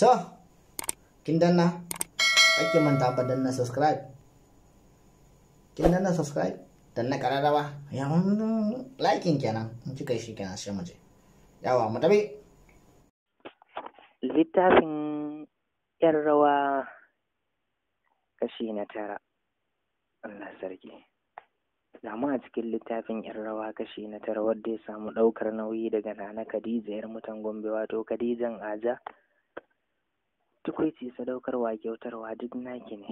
to kin danna ake manta dan danna subscribe kin danna subscribe danna kararrawa ya likin kenan in kika shi kenan shi mu je yawa mu tabi littafin ƴar rawa kashi na tara Allah sarki damu a cikin littafin ƴar rawa kashi na tara wadda ya samu ɗaukar nauyi daga nana Khadija yar mutan Gombe wato Khadijan Aja Tukuici sadaukarwa kyautarwa duk naki ne,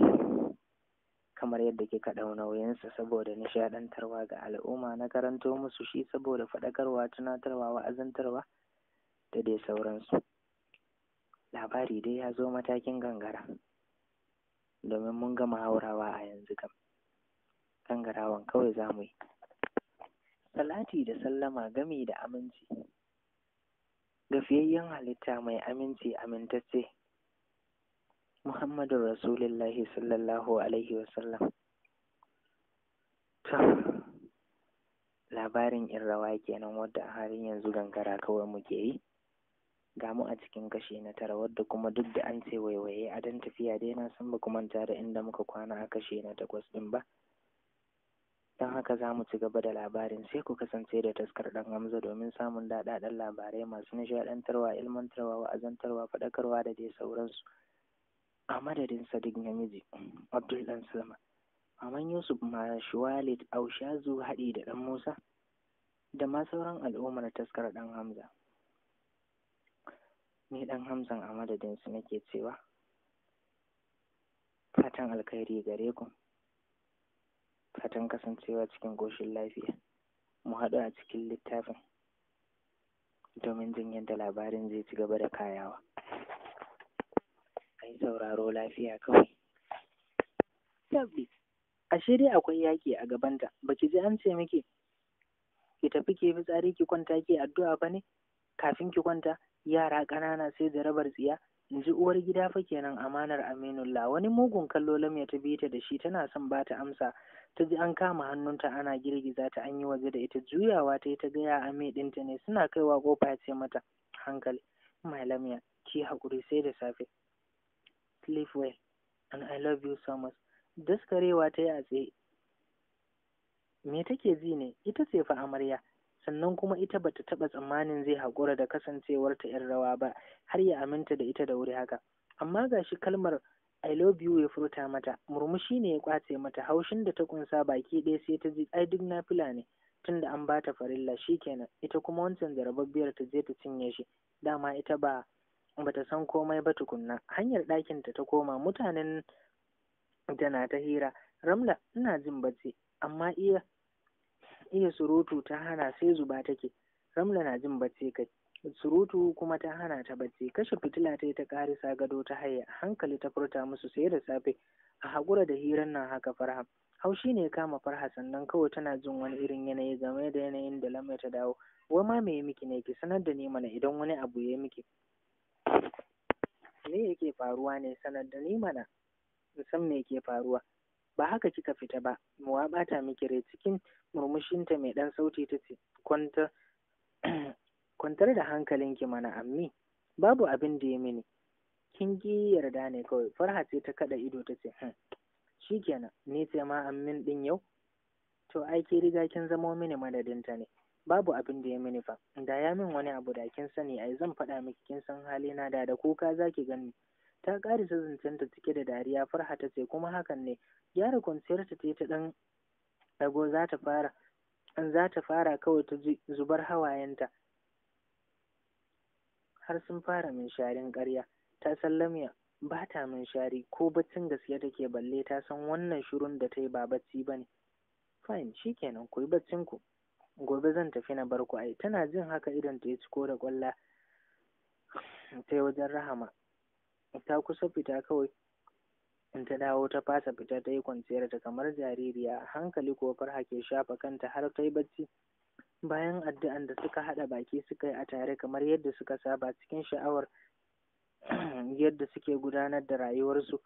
kamar yadda kika ɗau nauyinsa saboda nishaɗantarwa ga al'umma na karanto musu shi saboda faɗakarwa, tunatarwa, wa'azantarwa da dai sauransu. Labari dai ya zo matakin gangara, domin mun gama haurawa a yanzu kam, gangarawan kawai za yi. Salati da sallama gami da aminci. Gafiyayyen halitta mai aminci amintacce Muhammadu Rasulullahi sallallahu Alaihi wasallam. labarin in kenan wadda a halin yanzu gangara kawai muke yi. Gamu a cikin kashe na tara wadda kuma duk da an ce waiwaye a dan tafiya dai na san ba kuma manta da inda muka kwana a kashe na takwas ɗin ba. Don haka za mu ci gaba da labarin sai ku kasance da taskar ɗan Hamza domin samun daɗaɗɗen labarai masu nishaɗantarwa, ilmantarwa, wa'azantarwa, faɗakarwa da dai sauransu. a madadin sadiq namiji abdul dan salma maman yusuf ma shuwalit aushazu haɗi da ɗan musa da ma sauran al'ummar taskar ɗan hamza ni ɗan hamzan a madadin su nake cewa fatan alkhairi gare ku fatan kasancewa cikin goshin lafiya mu haɗu a cikin littafin domin jin yadda labarin zai ci gaba da kayawa yi sauraro lafiya kawai. Tabbi, ashe dai akwai yaƙi a gabanta, baki ji an ce miki ki tafi ki fi tsari ki kwanta ki addu'a ba ne? Kafin ki kwanta, yara ƙanana sai jarabar tsiya, in ji uwar gida fa kenan amanar Aminullah wani mugun kallo lamya ta bi ta da shi tana son ba ta amsa ta ji an kama hannunta ana girgiza ta an yi waje da ita juyawa ta yi ta gaya ame ɗinta ne suna kaiwa kofa ce mata hankali Malamiya, ki haƙuri sai da safe sleep well and I love you so much. Daskarewa ta yi a tsaye. Me take ji ne? Ita ce fa amarya. Sannan kuma ita bata taɓa tsammanin zai haƙura da kasancewarta 'yar rawa ba har ya aminta da ita da wuri haka. Amma ga shi kalmar I love you ya furta mata, murmushi ne ya kwace mata haushin da ta ƙunsa baki ɗaya sai ta ji ai duk na fila ne tunda an bata farilla shi kenan ita kuma wancan jarababbiyar ta je ta cinye shi dama ita ba bata san komai ba tukunna hanyar ɗakin ta koma mutanen da na ta hira ramla ina jin bacci amma iya iya surutu ta hana sai zuba take ramla na jin bacci kai surutu kuma ta hana ta bacci kashe fitila ta ta karisa gado ta haya hankali ta furta musu sai da safe a haƙura da hirar nan haka farha haushi ne kama farha sannan kawai tana jin wani irin yanayi game da yanayin da lamai ta dawo wai ma me miki ne ki sanar da ni mana idan wani abu ya miki me yake faruwa ne sanar da ni mana in san me yake faruwa ba haka kika fita ba mu bata miki rai cikin murmushinta mai ɗan sauti ta ce kwantar da hankalinki mana ammi babu abin da ya mini kin ki yarda ne kawai farha ce ta kaɗa ido ta ce hmm, shikenan ni ce ma ammin ɗin yau to ai ki riga kin zamo mini madadin ta ne babu abin da ya mini fa da ya min wani abu da kin sani ai zan faɗa miki kin san halina da da kuka zaki gani ta ƙarisa ta cike da dariya farha ta ce kuma hakan ne gyara kwanciyarta ce ta ɗan ɗago za ta fara za ta fara kawai ta zubar hawayenta har sun fara minsharin ƙarya ta sallamiya ba ta shari, ko baccin gaske take balle ta san wannan shirun da ta yi ba bacci ba ne fine shikenan ku yi baccin ku gobe zan tafi na bar ai tana jin haka idan ta ya ciko da kwalla ta yi wajen rahama ta kusa fita kawai in ta dawo ta fasa fita ta yi kwanciyar ta kamar jaririya a hankali ko farha ke shafa kanta har ta yi bacci bayan addu'an da suka haɗa baki suka yi a tare kamar yadda suka saba cikin sha'awar yadda suke gudanar da rayuwarsu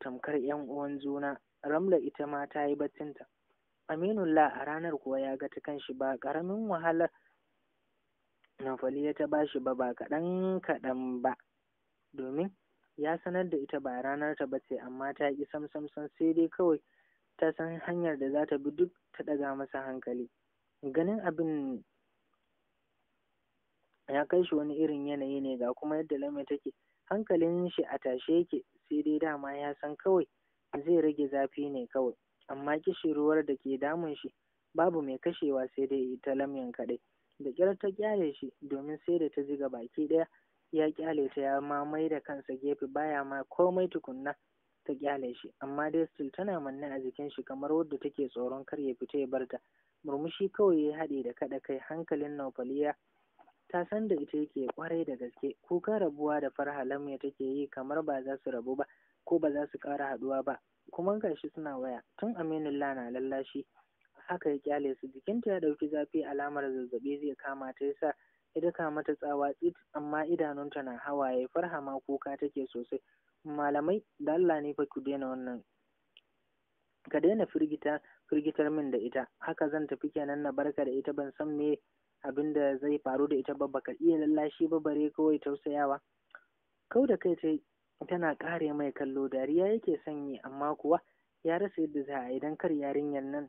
tamkar 'yan uwan juna ramla ita ma ta yi baccinta Aminullah a ranar kuwa ya ga ta kanshi ba ƙaramin wahalar Nafaliya ta ba shi ba ba kaɗan kaɗan ba domin ya sanar da ita ba ranar ta ba ce amma ta ƙi sam sam sam sai dai kawai ta san hanyar da za ta bi duk ta ɗaga masa hankali ganin abin ya kai shi wani irin yanayi ne ga kuma yadda lamai take hankalin shi a tashe yake sai dai dama ya san kawai zai rage zafi ne kawai amma kishirwar da ke damun shi babu mai kashewa sai dai ita lamyan kaɗai da ƙyar ta ƙyale shi domin sai da ta ziga baki ɗaya ya ƙyale ta ya ma mai da kansa gefe baya ma komai tukunna ta ƙyale shi amma dai still tana manne a jikin shi kamar wadda take tsoron kar ya fita ya barta murmushi kawai ya haɗe da kaɗa kai hankalin naufaliya ta san da ita yake kwarai da gaske kuka rabuwa da farha lamya take yi kamar ba za su rabu ba ko ba za su ƙara haɗuwa ba kuma shi suna waya tun aminullah na lallashi haka ya kyale su jikinta ya ɗauki zafi alamar zazzaɓi zai kama ta yasa ya daka mata tsawa tsit amma idanunta na hawaye farha ma kuka take sosai malamai da Allah ne fa ku daina wannan ka daina firgita firgitar min da ita haka zan tafi kenan na barka da ita ban san me abin da zai faru da ita ba baka iya lallashi ba bare kawai tausayawa kau da kai ta tana kare mai kallo dariya yake sanyi amma kuwa ya rasa yadda za a idan kar yarinyar nan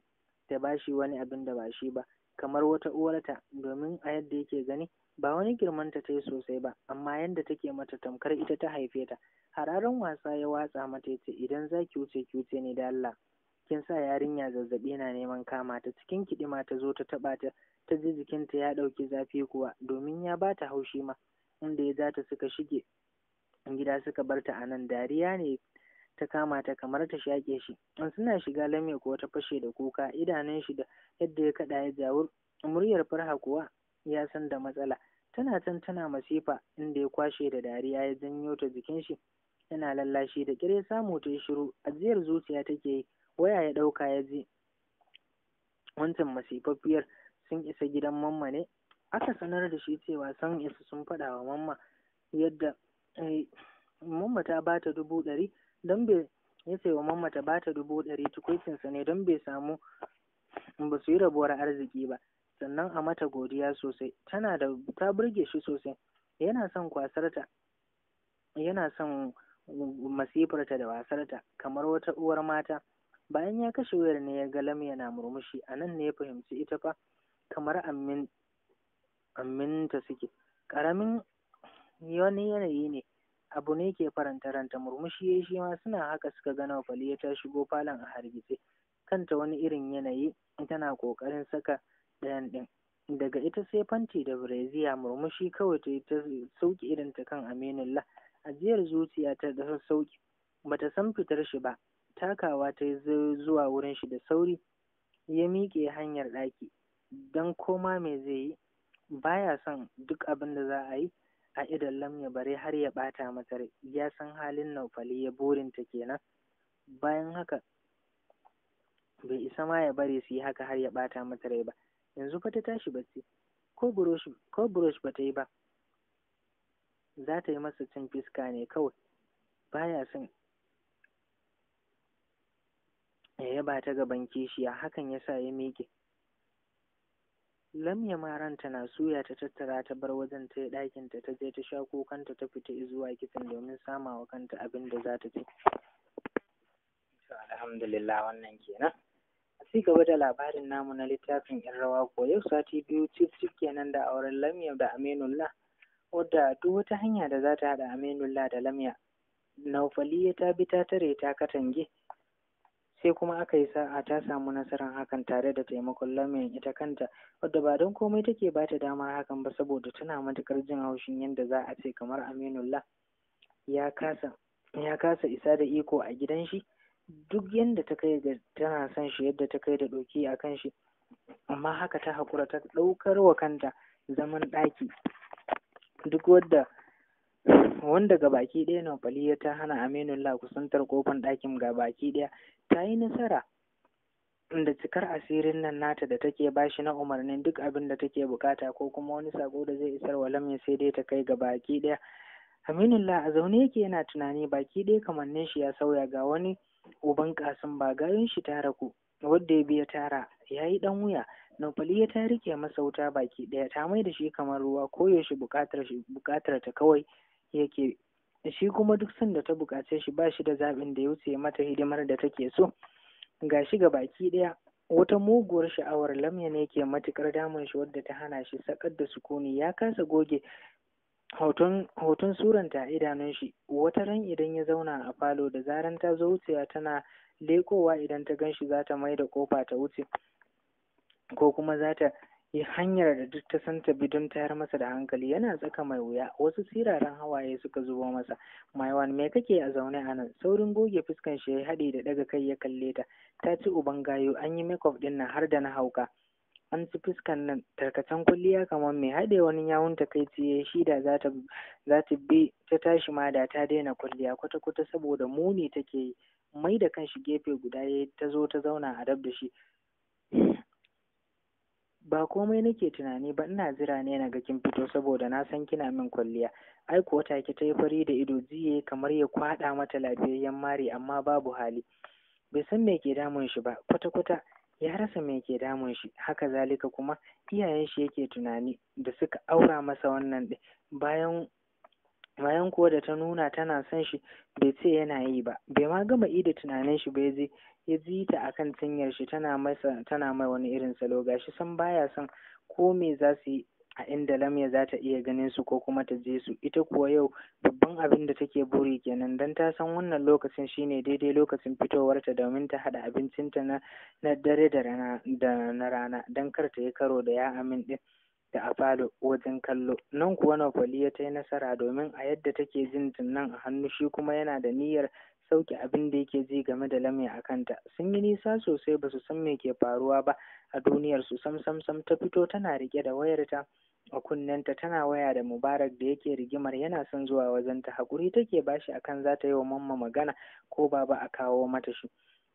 ta shi wani abin da ba shi ba kamar wata uwarta domin a yadda yake gani ba wani girmanta ta yi sosai ba amma yadda take mata tamkar ita ta haife ta hararen wasa ya watsa mata yace idan za ki wuce ki ne da Allah kin sa yarinya zazzabi na neman kama ta cikin kiɗima ta zo ta taɓa ta ta ji jikinta ya ɗauki zafi kuwa domin ya ba ta haushi ma inda ya zata suka shige Ƴan gida suka bar ta a nan dariya ne ta kama ta kamar ta shaƙe shi an suna shiga lame kuwa ta fashe da kuka idanun shi da yadda ya kaɗa ya jawur muryar farha kuwa ya san da matsala tana can tana masifa inda ya kwashe da dariya ya janyo ta jikin shi yana lallashi da kire samu ta yi shiru ajiyar zuciya take yi waya ya ɗauka ya ji wancan masifaffiyar sun isa gidan mamma ne aka sanar da shi cewa sun isa sun faɗa wa mamma yadda Eh, mamma ta bata dubu ɗari don bai ya ce wa mamma ta bata dubu ɗari tukwicinsa ne don bai samu ba su yi rabuwar arziki ba sannan a mata godiya sosai tana da ta burge shi sosai yana son kwasarta yana son masifarta da wasarta kamar wata uwar mata bayan ya kashe wayar ne ya ga lam yana murmushi a nan ne ya fahimci ita fa kamar ammin amminta suke ƙaramin wani yanayi ne abu ne ke faranta ranta murmushi yi shi ma suna haka suka Fali ya ta shigo falon a hargitse kanta wani irin yanayi tana kokarin saka ɗayan ɗin daga ita sai fanti da breziya murmushi kawai ta ta sauki irin ta kan Aminullah ajiyar zuciya ta da sauki bata san fitar shi ba takawa ta yi zuwa wurin shi da sauri ya miƙe hanyar ɗaki don koma me zai yi baya son duk abin da za a yi a idon lamya bare har ya ɓata mata ya san halin naufali ya burinta kenan bayan haka bai isa ma ya bari su yi haka har ya ɓata mata rai ba yanzu fa ta tashi bacci ko burosh ba ta yi ba za ta yi masa cin fiska ne kawai baya son ya yaba ta gaban kishiya hakan ya sa ya miƙe lamya maranta na suya ta tattara ta bar wajen ta ɗakin ta ta je ta sha kokanta ta fita zuwa kitchen domin sama wa kanta abin da za ta ci alhamdulillah wannan kenan a cigaba da labarin namu na littafin yan rawa ko yau sati biyu cif cif kenan da auren lamya da aminullah wadda duk wata hanya da za ta haɗa aminullah da lamya naufaliya ta bi ta tare ta katange sai kuma aka yi sa'a ta samu nasarar hakan tare da taimakon lamin ita kanta wadda ba don komai take ba ta damar hakan ba saboda tana matuƙar jin haushin yadda za a ce kamar aminullah ya kasa ya kasa isa da iko a gidan shi duk yadda ta kai da tana son shi yadda ta kai da ɗoki a kan shi amma haka ta haƙura ta ɗaukar wa kanta zaman ɗaki duk wadda wanda ga baki ɗaya Nofaliya ta hana Aminu Aminullah kusantar kofan ɗakin ga baki ɗaya ta yi nasara da cikar asirin nan nata da take bashi na umarnin duk abin da take bukata ko kuma wani sako da zai isar wa ya sai dai ta kai ga baki ɗaya Aminullah a zaune yake yana tunani baki ɗaya kamannin shi ya sauya ga wani uban kasin ba garin shi ta raku wadda ya biya tara ya yi ɗan wuya ya ta rike masa wuta baki ɗaya ta mai da shi kamar ruwa koyaushe buƙatar ta kawai yake shi kuma duk sanda ta bukace shi ba shi da zaɓin da ya wuce mata hidimar da take so ga shi ga baki ɗaya wata muguwar sha'awar lamya ne ke matuƙar damun shi wadda ta hana shi sakar da sukuni ya kasa goge hoton hoton suranta a idanun shi wata ran idan ya zauna a falo da zaran ta zo wucewa tana lekowa idan ta ganshi shi za ta mai da kofa ta wuce ko kuma za ta yi hanyar da duk ta san ta bi don tayar masa da hankali yana tsaka mai wuya wasu siraran hawaye suka zubo masa (Mai wani me kake a zaune a nan saurin goge fuskan shi ya haɗe da daga kai ya kalle ta ta ci uban gayo an yi makeup din nan har da na hauka an ci fuskan nan tarkacen kulliya kamar mai haɗe wani yawun ta kai ciye shi da za ta bi ta tashi ma da ta daina kulliya kwata kwata saboda muni take yi mai da kanshi gefe guda ya ta zo ta zauna a dab da shi Ba komai nake tunani ba ina jira ne na ga kin fito saboda na san kina min kwalliya. Ai kuwa ta ta yi fari da ido jiye kamar ya kwaɗa mata lafiyayyen mari amma babu hali. Bai san me ke damun shi ba kwata-kwata ya rasa me ke damun shi haka zalika kuma iyayen shi yake tunani da suka aura masa wannan bayan bayan kuwa da ta nuna tana son shi bai ce yana yi ba bai ma gama ida tunanin shi bai je ya ji ta kan cinyar shi tana tana mai wani irin salo gashi san baya son ko me za su yi a inda lamya za ta iya ganin su ko kuma ta je su ita kuwa yau babban abin da take buri kenan dan ta san wannan lokacin shine daidai lokacin fitowarta domin ta hada abincinta na na dare da rana na rana dan kar ta yi karo da ya amin din da a falo wajen kallo nan kuwa Napoli ya ta yi nasara domin a yadda take jin nan a hannu shi kuma yana da niyyar sauke abin da yake ji game da lamai a kanta sun yi nisa sosai ba su san me ke faruwa ba a duniyar su sam sam sam ta fito tana rike da wayarta a kunnenta tana waya da mubarak da yake rigimar yana son zuwa wajen ta hakuri take bashi akan za ta yi wa mamma magana ko baba a kawo mata shi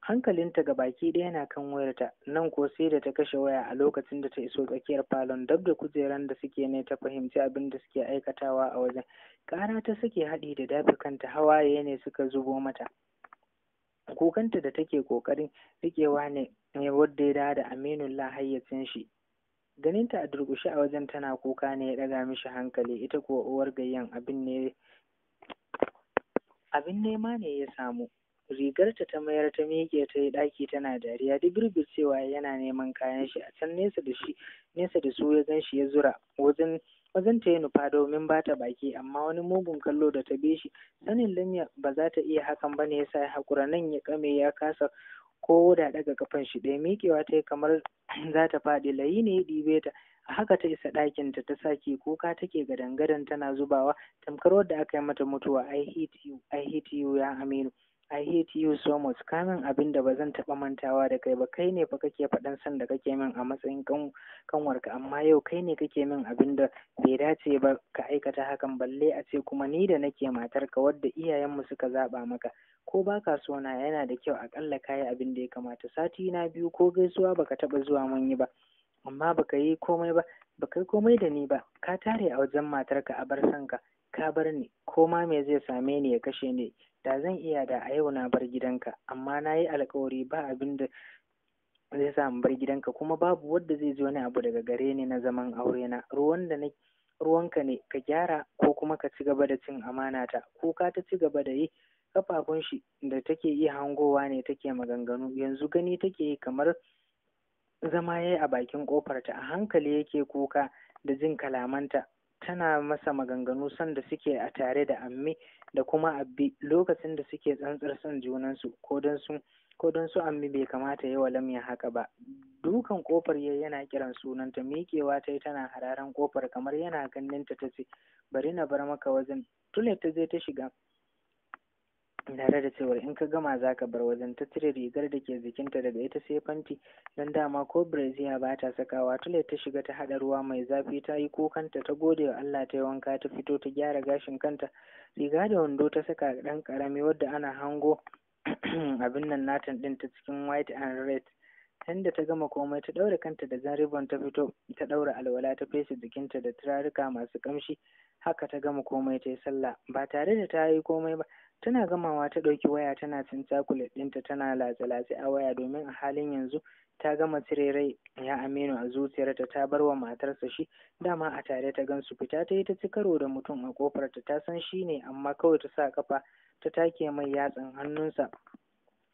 hankalinta ga baki ɗaya na kan wayarta nan ko sai da ta kashe waya a lokacin da ta iso tsakiyar falon dab da kujeran da suke ne ta fahimci abin da suke aikatawa a wajen ƙara ta suke haɗi da dafi kanta hawaye ne suka zubo mata kukanta da take ƙoƙarin riƙewa ne ne wadda ya da aminu hayyacin shi ganinta a durƙushe a wajen tana kuka ne ya ɗaga mishi hankali ita kuwa uwar gayyan abin ne abin nema ne ya samu rigarta ta mayar ta miƙe ta yi ɗaki tana dariya duk cewa yana neman kayan shi a can nesa da shi nesa da su ya gan shi ya zura wajen wajen ta yi nufa domin ba ta baki amma wani mugun kallo da ta bi shi sanin lamya ba za ta iya hakan ba ne yasa ya haƙura nan ya kame ya kasa ko da daga kafan shi ɗaya miƙewa ta yi kamar za ta faɗi layi ne ya ɗibe ta a haka ta isa ɗakinta ta sake kuka take gadan tana zubawa tamkar wadda aka yi mata mutuwa i hate you i hate you ya aminu I hate you so much kamin abin da ba zan taɓa mantawa da kai ba kai ne fa kake faɗan san da kake min a matsayin kanwarka amma yau kai ne kake min abin da bai dace ba ka aikata hakan balle a ce kuma ni da nake matarka wadda iyayenmu suka zaɓa maka ko ba ka na yana da kyau a ka yi abin da ya kamata sati na biyu ko gaisuwa ba ka taɓa zuwa mun yi ba amma ba ka yi komai ba ka yi komai da ni ba ka tare a wajen matarka a bar sanka ka bar ni ko ma me zai same ni ya kashe ni da zan iya da a yau na bar gidanka amma na yi alkawari ba abin da zai sa bar gidanka kuma babu wanda zai zo wani abu daga gare ni na zaman aure na ruwan da na ruwanka ne ka gyara ko kuma ka ci gaba da cin amana ta kuka ta ci gaba da yi kafafun shi da take yi hangowa ne take maganganu yanzu gani take yi kamar zama yayi a bakin kofar a hankali yake kuka da jin kalamanta tana masa maganganu sanda suke a tare da amme da kuma abbi lokacin da suke tsantsar son junansu ko don su ko ammi bai kamata yi wa lamya haka ba dukan kofar yayi yana kiran sunanta miƙewa ta yi tana hararen kofar kamar yana ganin ta ce bari na bar maka wajen tule ta je ta shiga tare da cewar in ka gama za ka bar wajen ta cire rigar da ke jikinta daga ita sai fanti don dama ko brazil ba ta sakawa tule ta shiga ta haɗa ruwa mai zafi ta yi kukanta ta gode wa Allah ta yi wanka ta fito ta gyara gashin kanta riga da wando ta saka ɗan ƙarami wadda ana hango abin nan natan ɗin ta cikin white and red da ta gama komai ta ɗaura kanta da ribbon ta fito ta ɗaura alwala ta fesa jikinta da turaruka masu ƙamshi haka ta gama komai ta yi sallah ba tare da ta yi komai ba tana gamawa ta ɗauki waya tana cin cakulet ɗinta tana latsa-latsa a waya domin a halin yanzu ta gama cire rai ya aminu a zuciyarta ta bar wa matarsa shi dama a tare ta gan su fita ta yi ta ci karo da mutum a kofarta ta san shi ne amma kawai ta sa kafa ta take mai yatsan hannunsa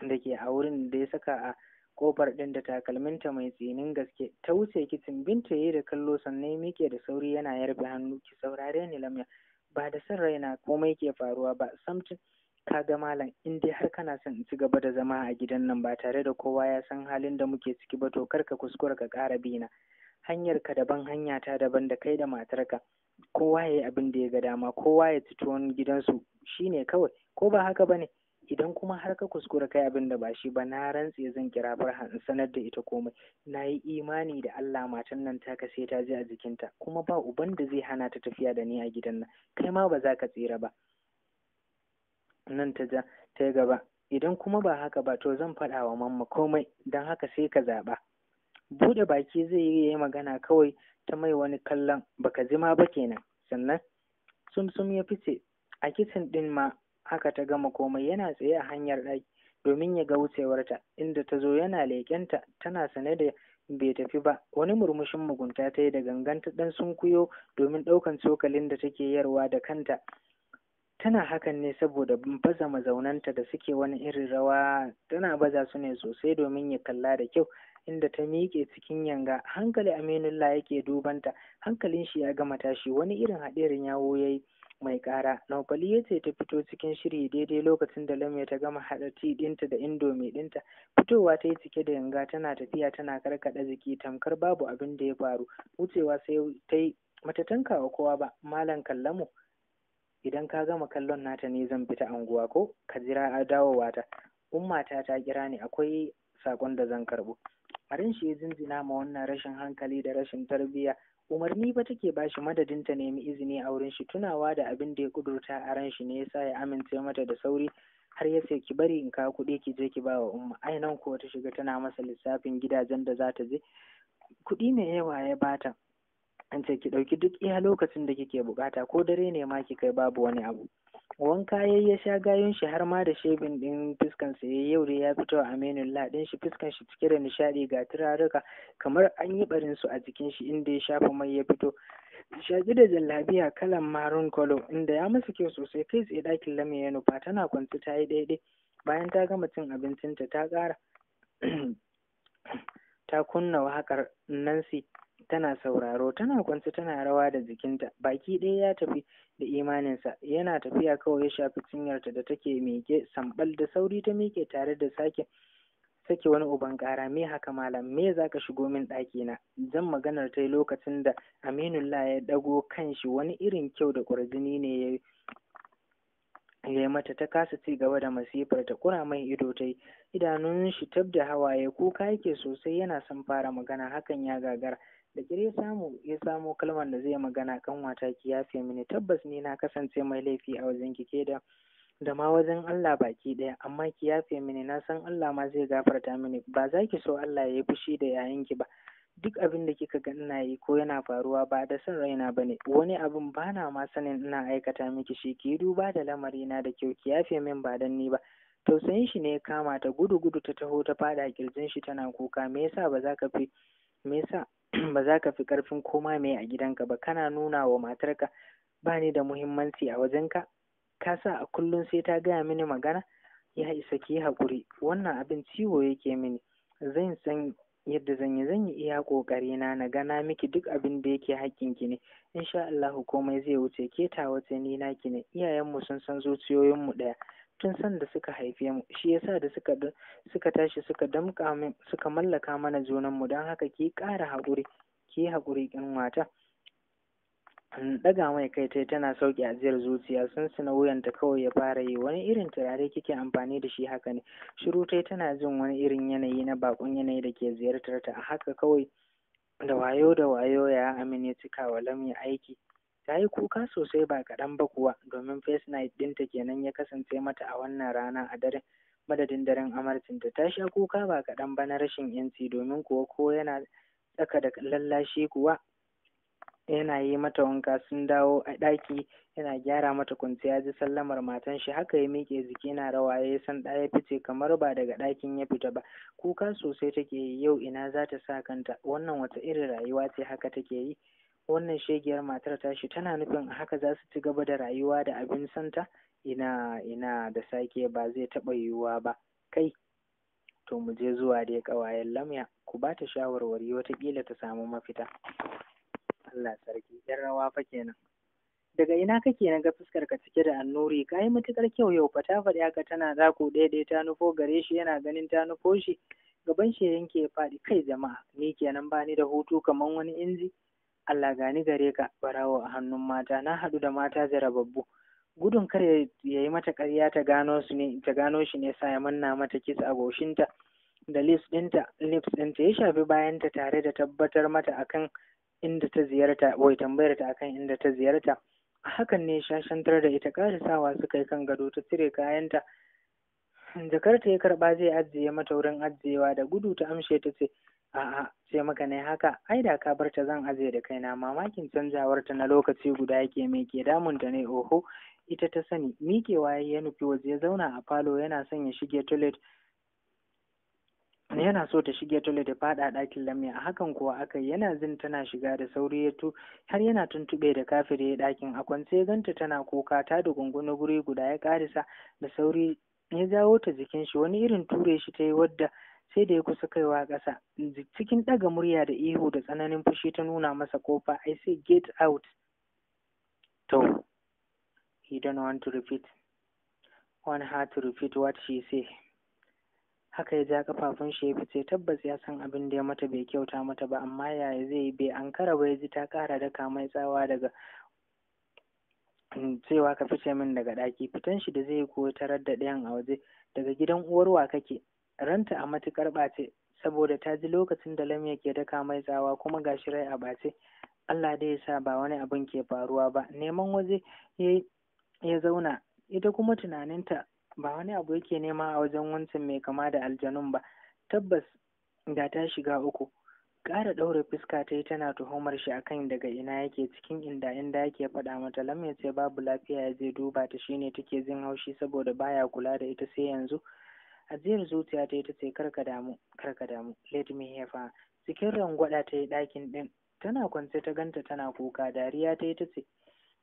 da ke a wurin da ya saka a ƙofar ɗin da takalminta mai tsinin gaske ta wuce kicin binta ya yi da kallo sannan ya miƙe da sauri yana yarfe hannu ki saurare ni lamya ba da son raina komai ke faruwa ba samtin ka ga malam in dai har kana son in ci gaba da zama a gidan nan ba tare da kowa ya san halin da muke ciki ba to kar ka kuskura ka ƙara bina hanyar ka daban hanya ta daban da kai da matarka kowa ya yi abin da ya ga dama kowa ya ci tuwon gidansu shine kawai ko ba haka ba ne? idan kuma har ka kuskura kai abin da ba shi ba na rantse zan kira farha in sanar da ita komai na yi imani da Allah matan nan ta kase ta ji a jikinta kuma ba uban da zai hana ta tafiya da ni a gidan nan kai ma ba za ka tsira ba nan ta ja ta gaba idan kuma ba haka ba to zan faɗa wa mamma komai don haka sai ka zaɓa buɗe baki zai yi yayi magana kawai ta mai wani kallon baka ji ma ba kenan sannan sumsum ya fice a kicin ɗin ma haka ta gama komai yana tsaye a hanyar ɗaki domin ya ga wucewarta inda ta zo yana leƙenta tana sane da bai tafi ba wani murmushin mugunta ta yi da gangan ta ɗan sunkuyo domin ɗaukan cokalin da take yarwa da kanta tana hakan ne saboda baza mazaunanta da suke wani irin rawa tana baza su ne sosai domin ya kalla da kyau inda ta miƙe cikin yanga hankali aminullah yake dubanta hankalin shi ya gama tashi wani irin haɗerin yawo ya yi mai kara ƙara. ya ce ta fito cikin shiri daidai lokacin da Lamya ta gama haɗa ti ɗinta da indomi ɗinta. Fitowa ta yi cike da yanga tana tafiya tana karkaɗa jiki tamkar babu abin da ya faru. Wucewa sai ta yi mata tankawa kowa ba. Malam kallamu idan ka gama kallon nata ne zan fita anguwa ko ka jira a dawowa ta. Ummata ta kira ni akwai sakon da zan karɓo. Harin shi ya jinjina ma wannan rashin hankali da rashin tarbiyya umarni ba take ba shi madadin ta nemi izini a wurin shi tunawa da abin da ya kudurta a ran shi ne yasa ya amince mata da sauri har ya ce ki bari in ka kuɗi ki je ki ba wa umma ai nan ko ta shiga tana masa lissafin gidajen da za ta je kuɗi mai yawa ya bata an ce ki ɗauki duk iya lokacin da kike bukata ko dare ne ma ki kai babu wani abu wanka yi ya sha gayun shi har ma da shebin din fuskan sa yayi yau ya fito a la, din shi fuskan shi cike da nishadi ga turaruka kamar an yi barin su a jikin shi inda ya shafa mai ya fito shaƙi da jallabiya kalan marun kolo inda ya masa kyau sosai kai tsaye dakin lami ya nufa tana kwanci ta yi daidai bayan ta gama cin abincinta ta kara ta kunna waƙar nancy tana sauraro tana kwance tana rawa da jikinta baki ɗaya ya tafi da imaninsa yana tafiya kawai ya shafi cinyarta da take miƙe sambal da sauri ta miƙe tare da sake sake wani uban ƙara me haka malam me za ka shigo min ɗaki na?" zan maganar ta lokacin da Aminu aminullah ya ɗago kanshi wani irin kyau da ƙwarjini ne ya ya mata ta kasa ci gaba da masifar ta kura mai ido ta yi idanun shi tab da hawaye kuka yake sosai yana son fara magana hakan ya gagara da kire samu ya samo kalmar da zai magana kanwata ki ya mini tabbas ni na kasance mai laifi a wajen ki da da ma wajen Allah baki ɗaya amma ki yafe mini na san Allah ma zai gafarta mini ba za ki so Allah ya yi fushi da yayanki ba duk abin da kika ga ina yi ko yana faruwa ba da san raina ba ne wani abin ba na ma sanin ina aikata miki shi ki duba da lamari na da kyau ki yafe min ba dan ni ba tausayin shi ne ya kama ta gudu gudu ta taho ta fada kirjin shi tana kuka me yasa ba za ka fi me yasa ba za ka fi ƙarfin koma mai a gidanka ba kana nuna wa matarka ba ni da muhimmanci a wajenka ka sa a kullum sai ta gaya mini magana ya isa ki haƙuri wannan abin ciwo yake mini zan san yadda zan yi zan yi iya ƙoƙari na na gana miki duk abin da yake ki ne insha Allah komai zai wuce ke ta wace ni naki ne iyayen mu sun san zuciyoyin mu ɗaya tun san da suka haife mu shi yasa da suka tashi suka damƙa min suka mallaka mana junan mu don haka ki ƙara haƙuri ki haƙuri kin mata daga mai kai tai tana sauki ajiyar zuciya sun wuyan wuyanta kawai ya fara yi wani irin turare kike amfani da shi haka ne shiru tai tana jin wani irin yanayi na bakon yanayi da ke ziyartar ta a haka kawai da wayo da wayo ya amine cikawa lamya aiki ta yi kuka sosai ba kaɗan ba kuwa domin face night ɗinta kenan ya kasance mata a wannan rana a daren madadin daren amarcinta ta sha kuka ba kaɗan ba na rashin yanci domin kuwa ko yana tsaka da lallashi kuwa yana yi mata wanka sun dawo a ɗaki yana gyara mata kwanciya ji sallamar matan shi haka ya miƙe jiki na rawa ya yi san ya fice kamar ba daga ɗakin ya fita ba kuka sosai take yi yau ina za ta sa kanta wannan wata irin rayuwa ce haka take yi wannan shegiyar matar tashi tana nufin haka za su ci gaba da rayuwa da abin santa ina ina da sake ba zai taɓa yiwuwa ba kai to mu je zuwa dai ƙawayen lamya ku ba ta shawarwari wataƙila ta samu mafita Allah sarki yan rawa fa kenan daga ina kake na ga fuskar ka cike da annuri ka yi matuƙar kyau yau fata faɗi haka tana zaku daidai ta nufo gare shi yana ganin ta nufo shi gaban shi yanke faɗi kai jama'a ni kenan ba ni da hutu kamar wani inji Allah gani gare ka barawo a hannun mata na haɗu da mata jarababbu gudun kar ya yi mata ƙarya ta gano su ne ta gano shi ne sa ya manna mata kis a goshinta da lips ɗinta lips ɗinta ya shafi bayanta tare da tabbatar mata akan inda ta ziyarta wai tambayar ta akan inda ta ziyarta hakan ne shashantar da ita karisawa suka yi kan gado ta cire kayanta jakarta ya karɓa zai ajiye mata wurin ajiyewa da gudu ta amshe ta ce A'a, ce maka ne haka, ai da ka barta zan aje da kaina mamakin canzawarta na lokaci guda yake mai ke damunta ne oho, ita ta sani, miƙewa ya nufi waje ya zauna a falo yana son ya shige toilet yana so ta shige toilet da faɗa ɗakin lamya a hakan kuwa aka yana jin tana shiga da sauri ya tu har yana tuntuɓe da kafire ya ɗakin a kwance ya ganta tana kuka ta da gungunu guri guda ya karisa da sauri ya jawo ta jikin shi wani irin ture shi ta yi wadda sai da ya kusa kaiwa ƙasa cikin ɗaga murya da ihu da tsananin fushi ta nuna masa kofa i say get out to he don't want to repeat one had to repeat what she say haka ya ja kafafun shi ya fice tabbas ya san abin da ya mata bai kyauta mata ba amma yaya zai yi bai ankara ba ya ji ta kara daka mai tsawa daga mm, cewa ka fice min daga ɗaki fitan shi da zai koyi tarar da ɗayan a waje daga gidan uwarwa wa kake ranta a matuƙar ɓace saboda ta ji lokacin da lamya ke daka mai tsawa kuma ga shi rai a ɓace Allah dai ya sa ba wani abin ke faruwa ba neman waje ya zauna ita kuma tunaninta ba wani abu yake nema a wajen wancan mai kama da aljanun ba tabbas da ta shiga uku ƙara ɗaure fuska ta yi tana tuhumar shi a akan daga ina yake cikin inda inda yake faɗa mata lamya ce babu lafiya ya je duba ta shine take jin haushi saboda baya kula da ita sai yanzu ajiyar zuciya ta yi ta ce karka damu karka damu let me hefa cikin rangwada ta yi ɗakin ɗin tana kwance ta ganta tana kuka dariya ta yi ta ce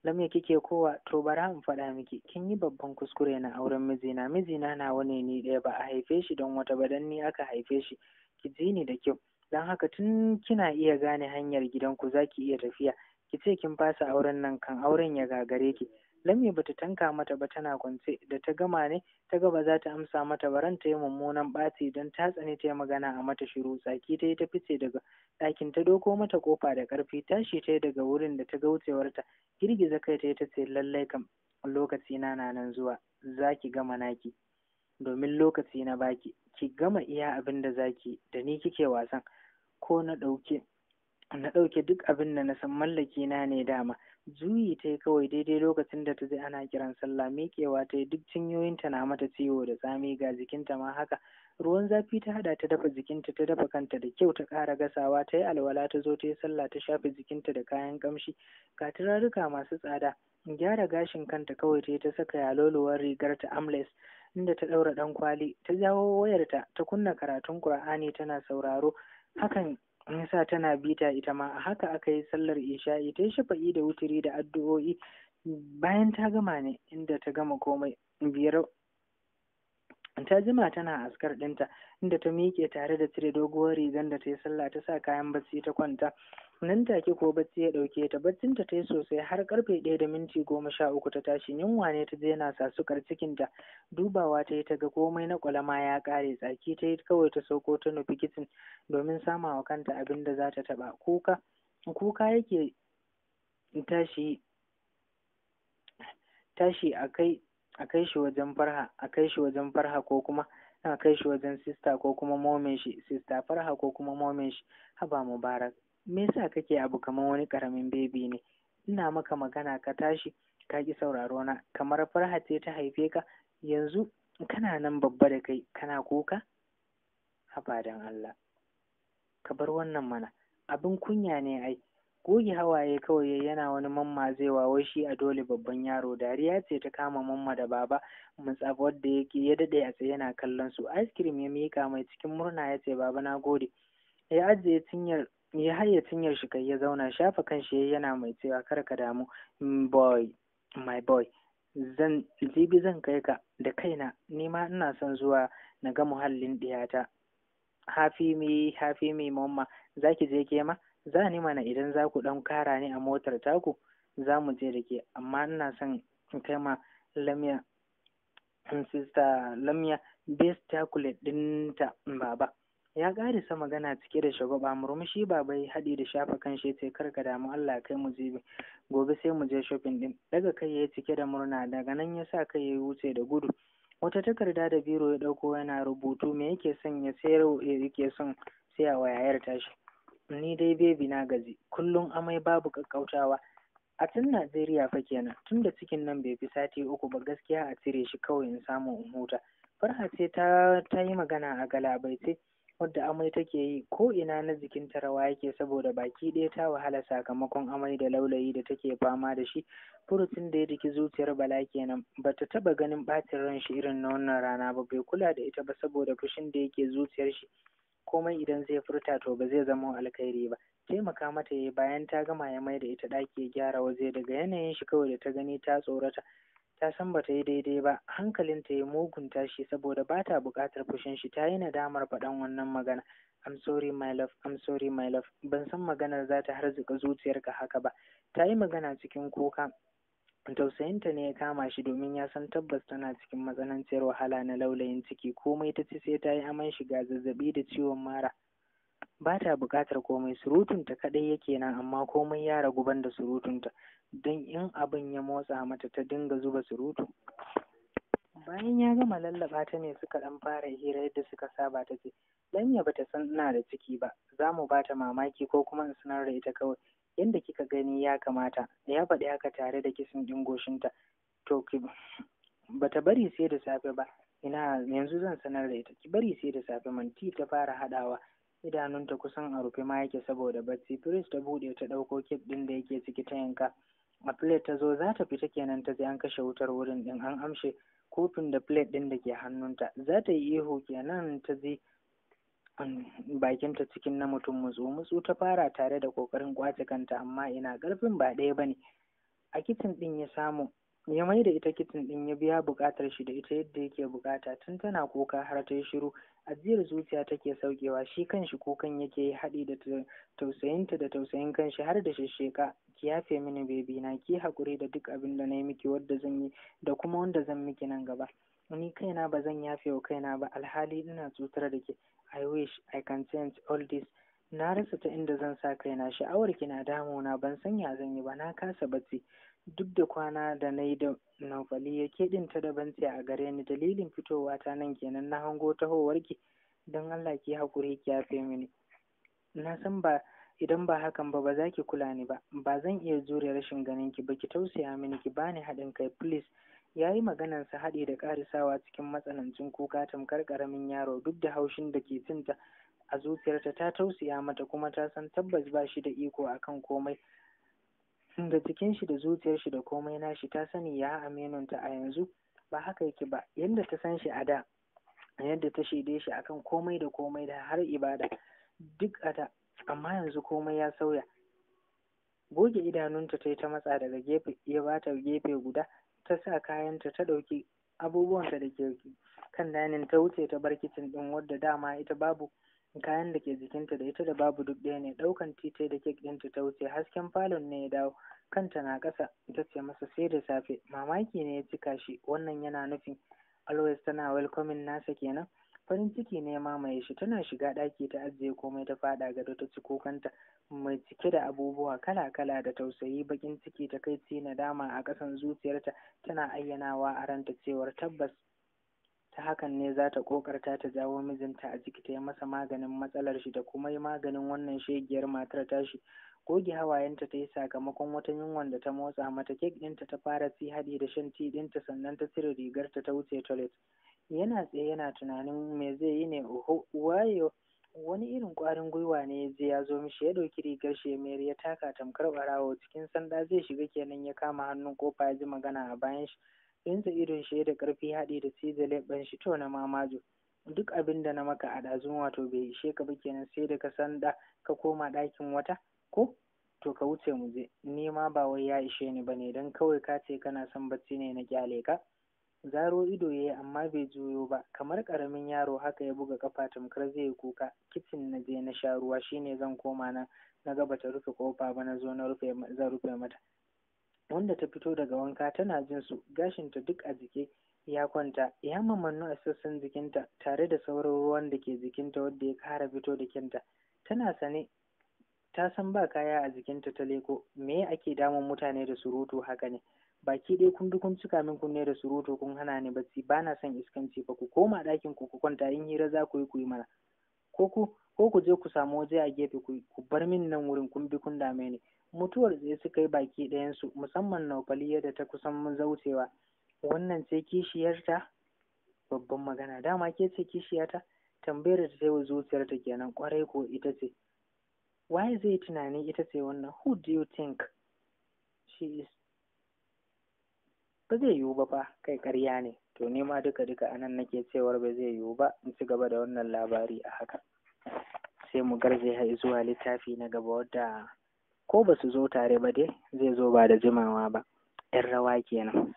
lamya kike kowa to bara in faɗa miki kin yi babban kuskure na auren mijina mijina na wani ni ɗaya ba a haife shi don wata ba don ni aka haife shi ki ji ni da kyau don haka tun kina iya gane hanyar gidanku za ki iya tafiya ki ce kin fasa auren nan kan auren ya gagare ki Lami bata tanka mata ba tana kwance da ta gama ne ta gaba za ta amsa mata baran ta yi mummunan ɓaci don ta tsani ta yi magana a mata shiru tsaki ta yi ta fice daga ɗakin ta doko mata kofa da ƙarfi tashi ta yi daga wurin da ta ga ta girgiza kai ta yi ta ce lallai kam lokaci na na nan zuwa za ki gama naki domin lokaci na baki ki gama iya abin da zaki da ni kike wasan ko na ɗauke na ɗauke duk abin da na san mallaki na ne dama juyi ta yi kawai daidai lokacin da ta ji ana kiran sallah miƙewa ta yi duk cinyoyinta na mata ciwo da tsami ga jikinta ma haka ruwan zafi ta hada ta dafa jikinta ta dafa kanta da kyau ta ƙara gasawa ta yi alwala ta zo ta yi sallah ta shafe jikinta da kayan ƙamshi ga turaruka masu tsada gyara gashin kanta kawai ta yi ta saka yaloluwar rigar ta amles inda ta ɗaura ɗan kwali ta jawo wayarta ta kunna karatun ƙur'ani tana sauraro hakan in sa tana bita ita ma a haka aka yi sallar isha'i ta yi shafa'i da wuturi da addu'o'i bayan ta gama ne inda ta gama komai biyar ta jima tana askar ɗinta inda ta miƙe tare da cire doguwar rigar da ta yi sallah ta sa kayan bacci ta kwanta nan take ko bacci ya ɗauke ta baccin ta yi sosai har karfe ɗaya da minti goma sha uku ta tashi yunwa ne ta je na sasukar cikin ta dubawa ta yi ta ga komai na kwalama ya kare tsaki ta yi kawai ta sauko ta nufi kicin domin sama wa kanta abin da za ta taɓa kuka kuka yake tashi tashi a kai a kai shi wajen farha a kai shi wajen farha ko kuma a kai shi wajen sista ko kuma momin shi sista farha ko kuma momin shi haba mubarak me yasa kake abu kamar wani karamin bebi ne ina maka magana ka tashi ka ki sauraro na kamar farha ce ta haife ka yanzu kana nan babba da kai kana kuka abadan Allah ka bar wannan mana abin kunya ne ai goge hawaye kawai yana wani mamma zai wai shi a dole babban yaro dariya ce ta kama mamma da baba mutsaf wadda yake ya dade a tsaye yana kallon su ice cream ya mika mai cikin murna ya ce baba na gode ya ajiye cinyar ya hayyacin ya shiga ya zauna shafa kan shi yana mai cewa kar ka damu mm, boy my boy zan jibi zan kai ka da kaina ni ma ina son zuwa na ga muhallin diyata hafi mi hafi mi mamma zaki je ke ma za ni mana idan za ku dan kara ni a motar taku za mu je da ke amma ina son in kai ma lamya mm, sister lamya best chocolate dinta mm, baba ya ƙarisa magana cike da shagwaba murmushi baba ya haɗi da shafa kan shi ce kar ka damu Allah kai mu jibi gobe sai mu je shopin din daga kai ya cike da murna daga nan ya sa kai ya wuce da gudu wata takarda da biro ya ɗauko yana rubutu me yake son ya sayar yake son sai wa yayar tashi ni dai bebi na gaji kullum amai babu kakkautawa a tun Najeriya fa kenan tun da cikin nan bai fi sati uku ba gaskiya a cire shi kawai in samu in huta farha ce ta ta yi magana a galabaice wadda amai take yi ko ina na jikinta rawa yake saboda baki ɗaya ta wahala sakamakon amai da laulayi da take fama da shi furucin da ya jiki zuciyar bala kenan ba ta taba ganin ɓacin ran shi irin na wannan rana ba bai kula da ita ba saboda fushin da yake zuciyar shi komai idan zai furta to ba zai zama alkhairi ba taimaka mata yayi bayan ta gama ya mai da ita ɗaki ya gyara waje daga yanayin shi kawai da ta gani ta tsorata ta san ba ta yi daidai ba hankalinta ya mugun tashi saboda ba ta buƙatar fushin shi ta yi nadamar faɗan wannan magana I'm sorry my love I'm sorry my love ban san maganar za ta harzuka zuciyarka haka ba ta yi magana cikin kuka tausayinta ne ya kama shi domin ya san tabbas tana cikin matsananciyar wahala na laulayin ciki komai ta ci sai ta yi aman shiga zazzaɓi da ciwon mara ba ta buƙatar komai surutunta kaɗai yake nan amma komai ya ragu ban banda surutunta don in abin ya motsa mata ta dinga zuba surutu bayan ya gama lallaba ta ne suka ɗan fara hira yadda suka saba ta ce ya bata san ina da ciki ba za mu bata mamaki ko kuma in sanar da ita kawai yadda kika gani ya kamata ya faɗi haka tare da kisan ɗin goshinta to ki bata bari sai da safe ba ina yanzu zan sanar da ita ki bari sai da safe man ti ta fara haɗawa idanunta kusan a rufe ma yake saboda bacci firis ta buɗe ta ɗauko kek ɗin da yake ciki ta yanka a plate ta zo za ta fita kenan ta je an kashe wutar wurin din an amshe kofin da plate ɗin da ke hannunta za ta yi ihu kenan ta ji um, bakinta cikin na mutum mutsu mutsu ta fara tare da kokarin kwace kanta amma ina ƙarfin ba ɗaya bane a kicin ɗin ya samu ya mai da ita kitin ɗin ya biya bukatar shi da ita yadda yake bukata tun tana kuka har ta shiru ajiyar zuciya take saukewa shi kanshi kukan yake yi haɗi da tausayinta da tausayin kanshi har da shisheka ki yafe mini bebi na ki haƙuri da duk abin da na yi miki wadda zan yi da kuma wanda zan miki nan gaba ni kaina ba zan yafe wa kaina ba alhali ina cutar da ke i wish i can change all this na rasa ta inda zan sa kaina sha'awar kina damuna ban sanya zan yi ba na kasa bacci duk da kwana da na yi da naufaliya ya ɗin ta daban tsaya a gare ni dalilin fitowa ta nan kenan na hango ki, don Allah ki haƙuri ki yafe mini na san ba idan ba hakan ba ba za ki kula ni ba ba zan iya jure rashin ganin ki ba ki tausaya mini ki bani haɗin kai please ya yi sa haɗi da ƙarisawa cikin matsanancin kuka tamkar ƙaramin yaro duk da haushin da ke cinta a zuciyarta ta tausaya mata kuma ta san tabbas ba shi da iko akan komai da jikin shi da zuciyar shi da komai nashi ta sani ya aminunta a yanzu ba haka yake ba yadda ta san shi a da yadda ta shaide shi akan komai da komai da har ibada duk a da amma yanzu komai ya sauya goge idanunta ta yi ta matsa daga gefe ya bata gefe guda ta sa kayanta ta ɗauki abubuwanta da ke kan danin ta wuce ta bar kicin ɗin wadda dama ita babu kayan da ke jikinta da ita da babu duk ɗaya ne ɗaukan titi da kek ɗinta ta wuce hasken falon ne ya dawo kanta na ƙasa ita ce masa sai da safe mamaki ne ya cika shi wannan yana nufin always tana welcoming nasa kenan farin ciki ne ya mamaye shi tana shiga ɗaki ta ajiye komai ta faɗa gado ta ci kukanta mai cike da abubuwa kala-kala da tausayi bakin ciki ta kai ci nadama a ƙasan zuciyarta tana ayyanawa a ranta cewar tabbas ta hakan ne za ta kokarta ta jawo mijinta a jiki ta yi masa maganin matsalar shi da kuma yi maganin wannan shegiyar matar tashi goge hawayenta ta yi sakamakon wata yunwan da ta motsa mata kek ɗinta ta fara ci haɗi da shan ti ɗinta sannan ta cire rigarta ta wuce toilet yana tsaye yana tunanin me zai yi ne oho wayo wani irin kwarin gwiwa ne ya je ya zo mishi ya ɗauki rigar shemiyar ya taka tamkar ɓarawo cikin sanda zai shiga kenan ya kama hannun kofa ya ji magana a bayan shi Kinsa idon shi da ƙarfi haɗi da ciza leɓɓan shi to na mamajo. Duk abin da na maka a ɗazun wato bai ishe ka ba kenan sai da ka san da ka koma ɗakin wata ko? To ka wuce mu je, ni ma ba wai ya ishe ni ba ne don kawai ka ce kana son bacci ne na kyale ka. Zaro ido ya yi amma bai juyo ba, kamar ƙaramin yaro haka ya buga ƙafa tamkar zai yi kuka, kicin na je na sha ruwa shine zan koma na na gaba ta rufe ƙofa ba na zo na zan rufe mata. wanda ta fito daga wanka tana jin su gashinta duk a jike ya kwanta ya mamannu a sassan jikinta tare da sauran ruwan da ke jikinta wadda ya kara fito da kyanta tana sane ta san ba kaya a jikinta ta leko me ake damun mutane da surutu haka ne baki dai kun kun cika min kunne da surutu kun hana ni bacci ba na son iskanci ba ku koma ɗakin ku ku kwanta in hira za ku yi ku yi mana ko ku ko ku je ku samu waje a gefe ku bar min nan wurin kun bi kun dame ni mutuwar tsaye suka yi baki ɗayansu musamman naufaliya da ta kusan zaucewa wannan ce kishiyarta babban magana dama ke ce kishiyarta tambayar da ta yi zuciyarta kenan kwarai ko ita ce why zai yi tunanin ita ce wannan who do you think she is ba zai yiwu ba fa kai ƙarya ne to ni ma duka duka anan nake cewar ba zai yiwu ba in ci gaba da wannan labari a haka sai mu garzaya zuwa littafi na gaba wadda ko ba su zo tare ba dai zai zo ba da jimawa ba ‘yan rawa kenan